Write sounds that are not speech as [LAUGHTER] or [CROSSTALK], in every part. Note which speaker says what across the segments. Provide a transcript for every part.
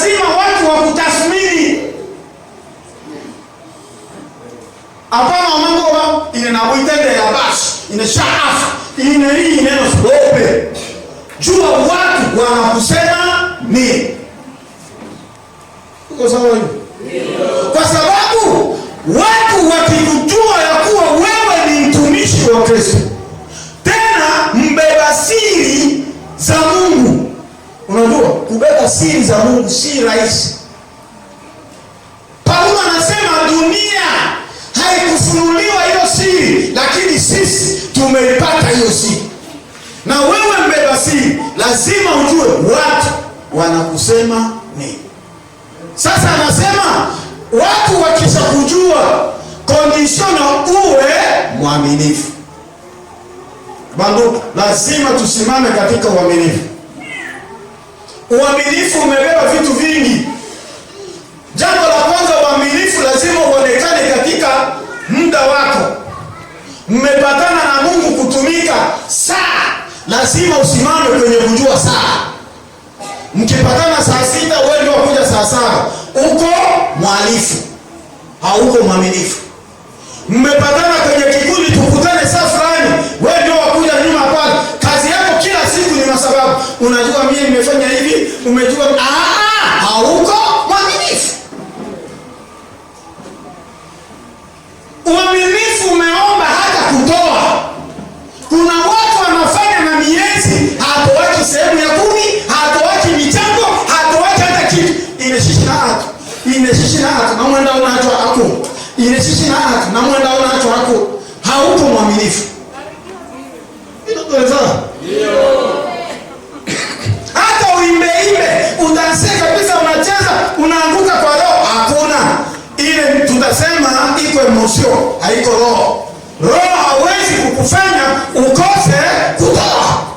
Speaker 1: lazima watu wakutathmini apana wamangoba ine nakuitende ya basi ine shaafu ine hii neno ope jua watu wanakusema ni uko kwa sababu watu wakikujua ya kuwa wewe ni mtumishi wa Kristo tena mbeba siri za Mungu unajua kubeba siri za Mungu si rahisi. Paulo anasema dunia haikufunuliwa hiyo siri, lakini sisi tumeipata hiyo siri. Na wewe mbeba siri, lazima ujue watu wanakusema nini. Sasa anasema watu wakisha kujua kondisiono, uwe mwaminifu. Banduku, lazima tusimame katika uaminifu. Uaminifu umebeba vitu vingi. Jambo la kwanza, uaminifu lazima uonekane katika muda wako. Mmepatana na Mungu kutumika saa, lazima usimame kwenye kujua saa. Mkipatana saa sita, wewe ndio wakuja saa saba, uko mwalifu, hauko mwaminifu. Mmepatana kwenye umejua ah, hauko mwaminifu. Uaminifu umeomba hata kutoa. Kuna watu wanafanya na miezi, hatoachi sehemu ya kumi, hatoachi michango, hatoachi hata kitu. Inashishi hatu inashishi hatu na mwenda unaachwa haku inashishi na mwenda unaachwa haku, hauko mwaminifu. Ndio. unacheza unaanguka kwa roho, hakuna ile tutasema iko emotion, haiko roho. Roho hawezi kukufanya ukose kutoa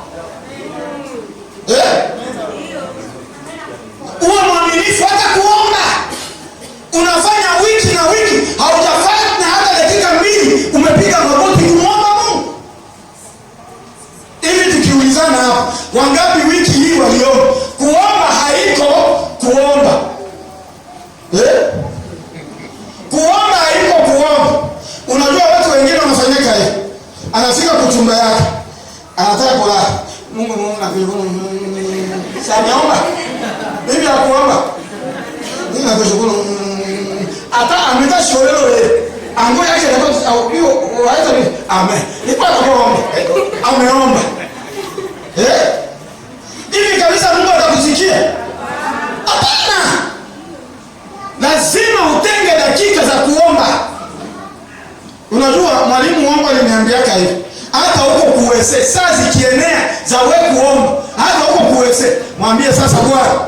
Speaker 1: katika kuchumba yake anataka kulala. Mungu Mungu na vile mimi nakuomba mimi nakushukuru hata ameta shorero wewe ango yake ndio au hiyo waita ni amen nipo nakuomba ameomba eh hivi kabisa Mungu atakusikia hapana lazima utenge dakika za kuomba unajua mwalimu wangu aliniambia hivi hata huko kuwese saa zikienea za wewe kuomba, hata huko kuwese mwambie, sasa Bwana,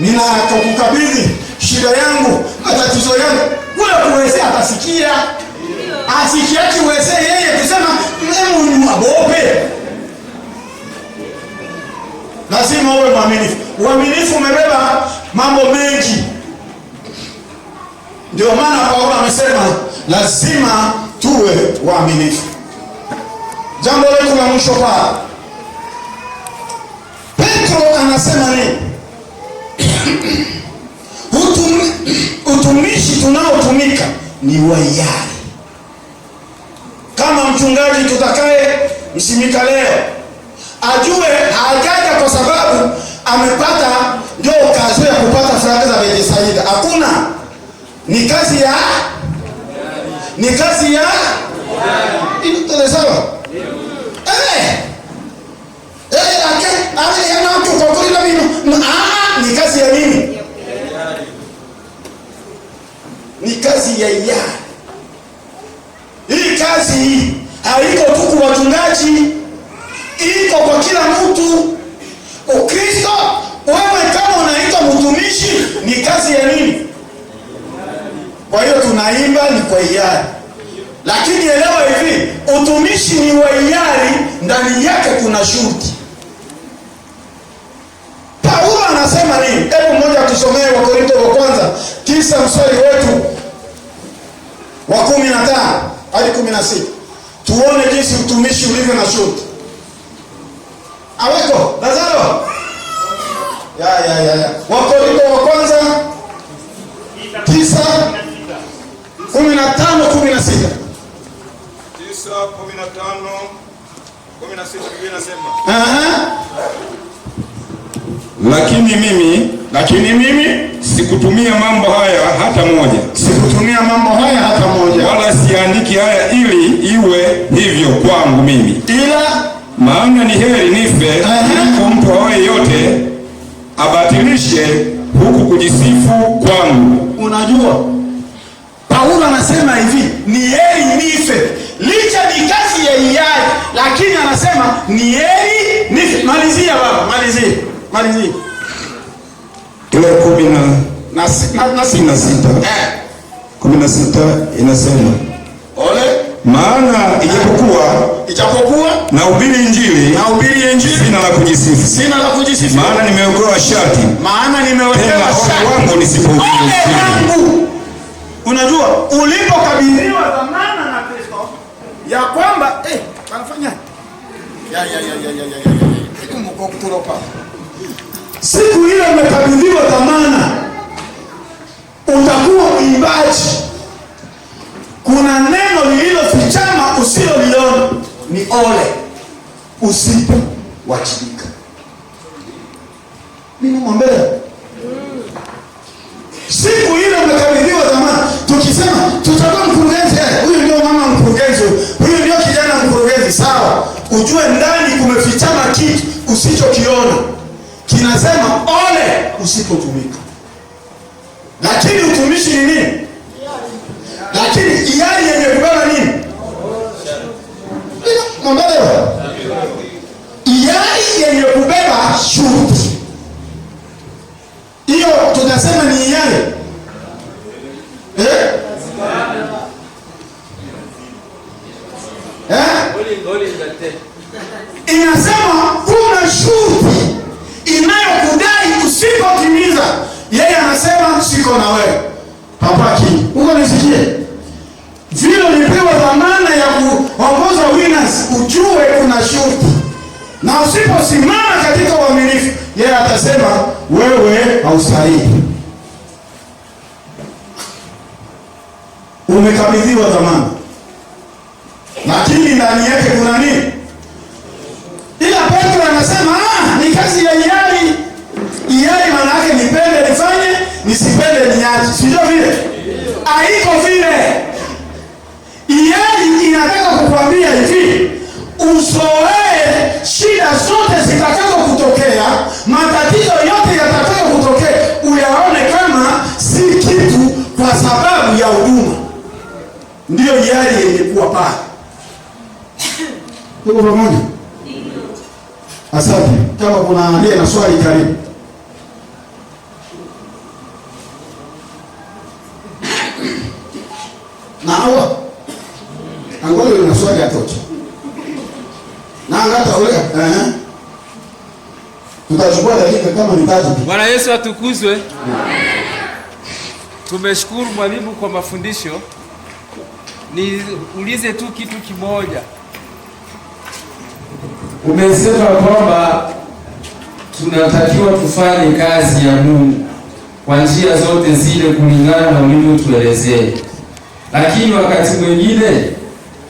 Speaker 1: ninakukabidhi shida yangu, matatizo yangu, kule kuweze atasikia. Asikiachi weze yeye kusema memu abope. Lazima uwe mwaminifu. Uaminifu umebeba mambo mengi, ndio maana Paulo amesema lazima tuwe waaminifu. Jambo letu la mwisho pale, Petro anasema nini? [CLEARS THROAT] utumishi tunaotumika ni wa Kama mchungaji tutakaye msimika leo ajue hajaja kwa sababu amepata ndio kazi ya kupata faraka za Bethsaida. Hakuna, ni kazi ya ni kazi ya kazi ya iara. Hii kazi haiko tu kwa wachungaji, iko kwa kila mtu. Ukristo wewe kama unaitwa mtumishi, ni kazi ya nini? Kwa hiyo tunaimba ni kwa hiari, lakini elewa hivi, utumishi ni wa hiari, ndani yake kuna shuti Paulo anasema nini? Hebu mmoja tusomee korinto wa kwanza tisa mstari wetu wa kumi na tano hadi kumi na sita tuone jinsi mtumishi ulivyo na shuti aweko Lazaro ya, ya, ya, ya. Wakorintho wa kwanza tisa kumi na tano kumi na sita
Speaker 2: lakini mimi lakini mimi sikutumia mambo haya hata moja, sikutumia mambo siandiki haya ili iwe hivyo kwangu mimi, ila maana ni heri nife kuliko mtu awaye yote abatilishe huku kujisifu kwangu.
Speaker 1: Unajua Paulo anasema hivi, ni heri nife, licha ni kazi ya hiari, lakini anasema ni heri nife. Malizia baba, malizia, malizia
Speaker 2: ile kumi na sita, eh. kumi na sita inasema maana ijapokuwa
Speaker 1: ijapokuwa
Speaker 2: na ubiri injili
Speaker 1: na ubiri injili, sina la kujisifu sina la kujisifu,
Speaker 2: maana nimewekewa shati
Speaker 1: maana nimewekewa shati
Speaker 2: wangu nisipokuwa
Speaker 1: wangu. Unajua, ulipokabidhiwa dhamana na Kristo ya kwamba eh, wanafanya ya ya ya ya ya ya kwa kutoropa, siku ile umekabidhiwa dhamana, utakuwa mwimbaji kwenye usio usiloliona ni ole usipowajibika. Ninamwambia siku ile umekabidhiwa zamana tukisema tutakuwa mkurugenzi, eh, huyu ndio mama mkurugenzi, huyu ndio kijana mkurugenzi, sawa. Ujue ndani kumefichama kitu usichokiona, kinasema ole usipotumika. Lakini utumishi ni nini? Lakini iyari yenye kubeba Ng'ombelero yai yenye kubeba shuti, hiyo tunasema ni yai eh? Eh? Inasema kuna shuti inayokudai usipotimiza, yeye anasema siko na wewe. Papaki, uko nisikie vilo ulipewa dhamana ya kuongoza Winners, ujue kuna shuti, na usiposimama katika uaminifu, yeye atasema wewe haustahili. Umekabidhiwa dhamana, lakini ndani yake kuna nini? Ila Petro anasema ah, ni kazi ya hiari. Hiari maana yake nipende nifanye, nisipende niache, sio Vile haiko vile kukwambia hivi, uzoee shida zote zitakazo kutokea, matatizo yote yatakazo kutokea, uyaone kama si kitu, kwa sababu ya huduma. Ndiyo yali yenye paa [COUGHS] Tuko pamoja? Asante. Kama kuna aliye na swali karibu. [COUGHS] Na awa maswali ya toto tutachukua dakika kama ni tatu.
Speaker 3: Bwana Yesu atukuzwe, Tumeshukuru mwalimu kwa mafundisho. Niulize tu kitu kimoja,
Speaker 4: umesema kwamba tunatakiwa tufanye kazi ya Mungu kwa njia zote zile kulingana na ulivyotuelezea, lakini wakati mwingine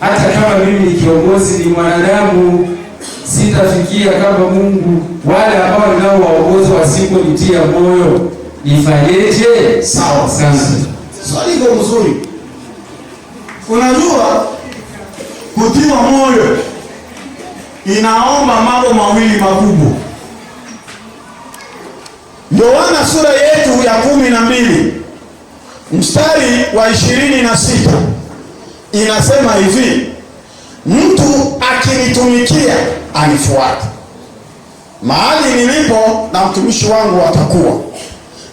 Speaker 4: hata kama mimi ni kiongozi, ni mwanadamu, sitafikia kama Mungu. Wale ambao nao waongozi wasiponitia moyo nifanyeje? Sawa sana,
Speaker 1: swali iko mzuri. Unajua, kutiwa moyo inaomba mambo mawili makubwa. Yohana sura yetu ya kumi na mbili mstari wa ishirini na sita inasema hivi, mtu akinitumikia anifuate mahali nilipo, na mtumishi wangu atakuwa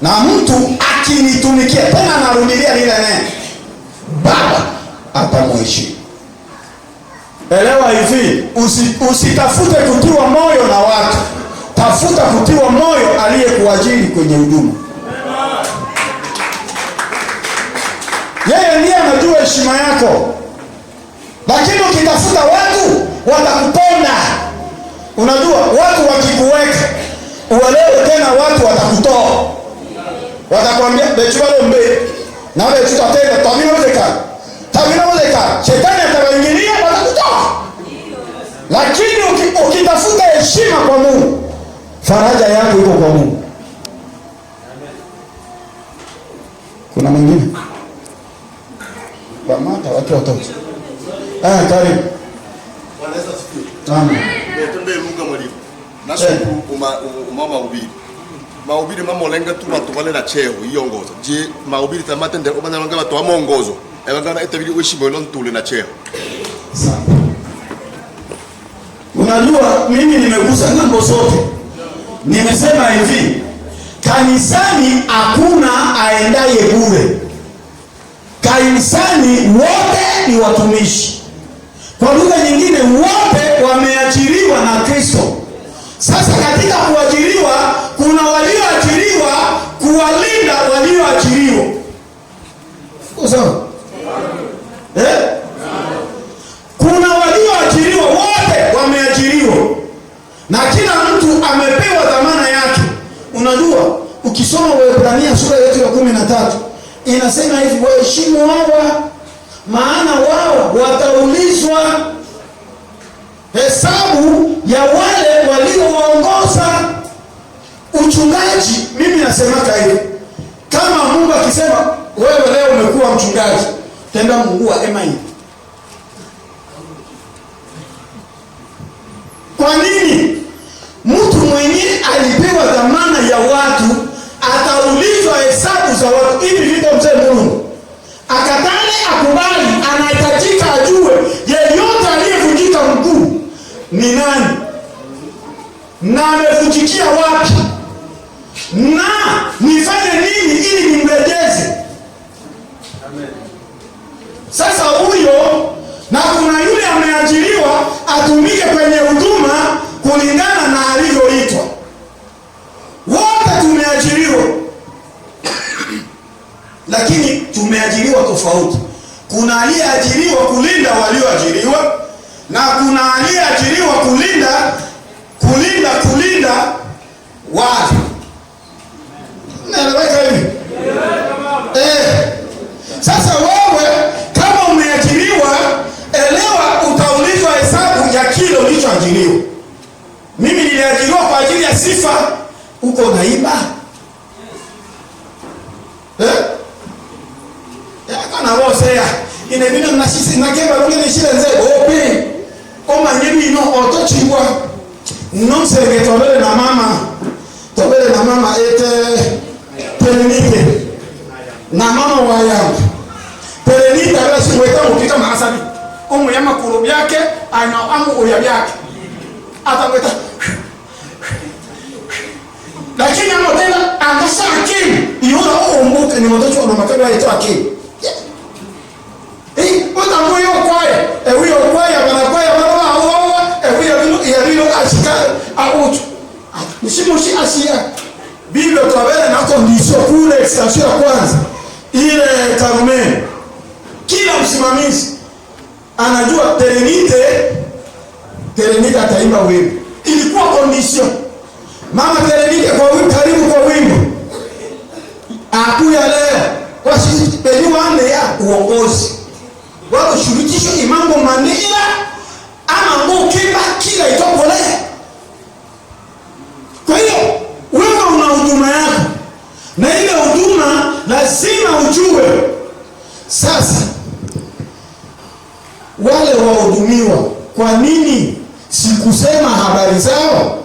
Speaker 1: na mtu akinitumikia. Tena narudilia lile neno, Baba atamheshimu. Elewa hivi, usi, usitafute kutiwa moyo na watu, tafuta kutiwa moyo aliyekuajiri kwenye huduma. ujue heshima yako, lakini ukitafuta watu watakuponda. Unajua watu wakikuweka, uelewe tena, watu watakutoa, watakwambia bechivalombe nawe tutatenda tavinawezekana, tavinawezekana, shetani atawaingilia, watakutoa. Lakini ukitafuta heshima kwa Mungu, faraja yako iko kwa Mungu. Kuna mwingine kukamata watu watoto. Ah, karibu.
Speaker 5: Bwana Yesu asifiwe. Eh, Amen. Ndio Mungu mwalimu. Nashukuru mama eh. ubiri. Maubiri mama lenga tu watu wale na cheo hiyo ngozo. Je, maubiri tamate ndio kwa nanga watu wa mongozo. Ewa na itabidi uishi boyo ntule na cheo. Sawa.
Speaker 1: Unajua mimi nimegusa ngambo zote. Nimesema hivi, kanisani hakuna aendaye bure kanisani wote ni watumishi, kwa lugha nyingine wote wameajiriwa na Kristo. Sasa katika kuajiriwa kuna walioajiriwa kuwalinda walioajiriwa, sawa inasema hivi, waheshimu hawa, maana wao wataulizwa. Hesabu ya wale waliowaongoza uchungaji. Mimi nasemaka hivi, kama Mungu akisema wewe leo umekuwa mchungaji, tenda Mungu wa emai Kwa nini mtu mwenye alipewa dhamana ya watu ataulizwa hesabu za watu hivi vipo Mzee mungu akatane akubali, anahitajika ajue yeyote aliyevunjika mguu ni nani na amevunjikia wapi na nifanye nini ili nimrejeze. Sasa huyo na kuna yule ameajiriwa atumike kwenye huduma kulingana na alivyo. lakini tumeajiriwa tofauti. Kuna aliyeajiriwa kulinda walioajiriwa na kuna aliyeajiriwa kulinda kulinda kulinda watu. Naeleweka hivi? Eh. eh, sasa wewe kama umeajiriwa, elewa utaulizwa hesabu ya kile ulichoajiriwa. Mimi niliajiriwa kwa ajili ya sifa, uko naiba eh? akanaboseya ine bino nashisi nakeba longene shile nze opi koma nyebi no otochibwa nonsenge tobele na mama tobele na mama ete pelenite na mama wayamba pelenite abesiweta mukita maasabi omuya makulu byake ana amuuya byake atamweta lakini amotela angasha akili iyola oumbuke oh, ni motochwa na makabila yetu akili ewiyo eh, kwaya barakwaya baraba ahohowa ewiyo eh, yarino ashika aucho ah, ah, nishimushi ashia biblia twabele na kondisio kule stasio ya kwanza ile tarumeni kila msimamizi anajua terenite terenite ataimba wimbo ilikuwa kondisio mama terenite kwa wimbo karibu kwa wimbo akuya leo kwa sisi penyu wane ya uongozi wako shurutisho ni mambo manne ila ama ngo kila kila itopole. Kwa hiyo wewe una huduma yako, na ile huduma lazima ujue. Sasa wale wahudumiwa, kwa nini sikusema habari zao?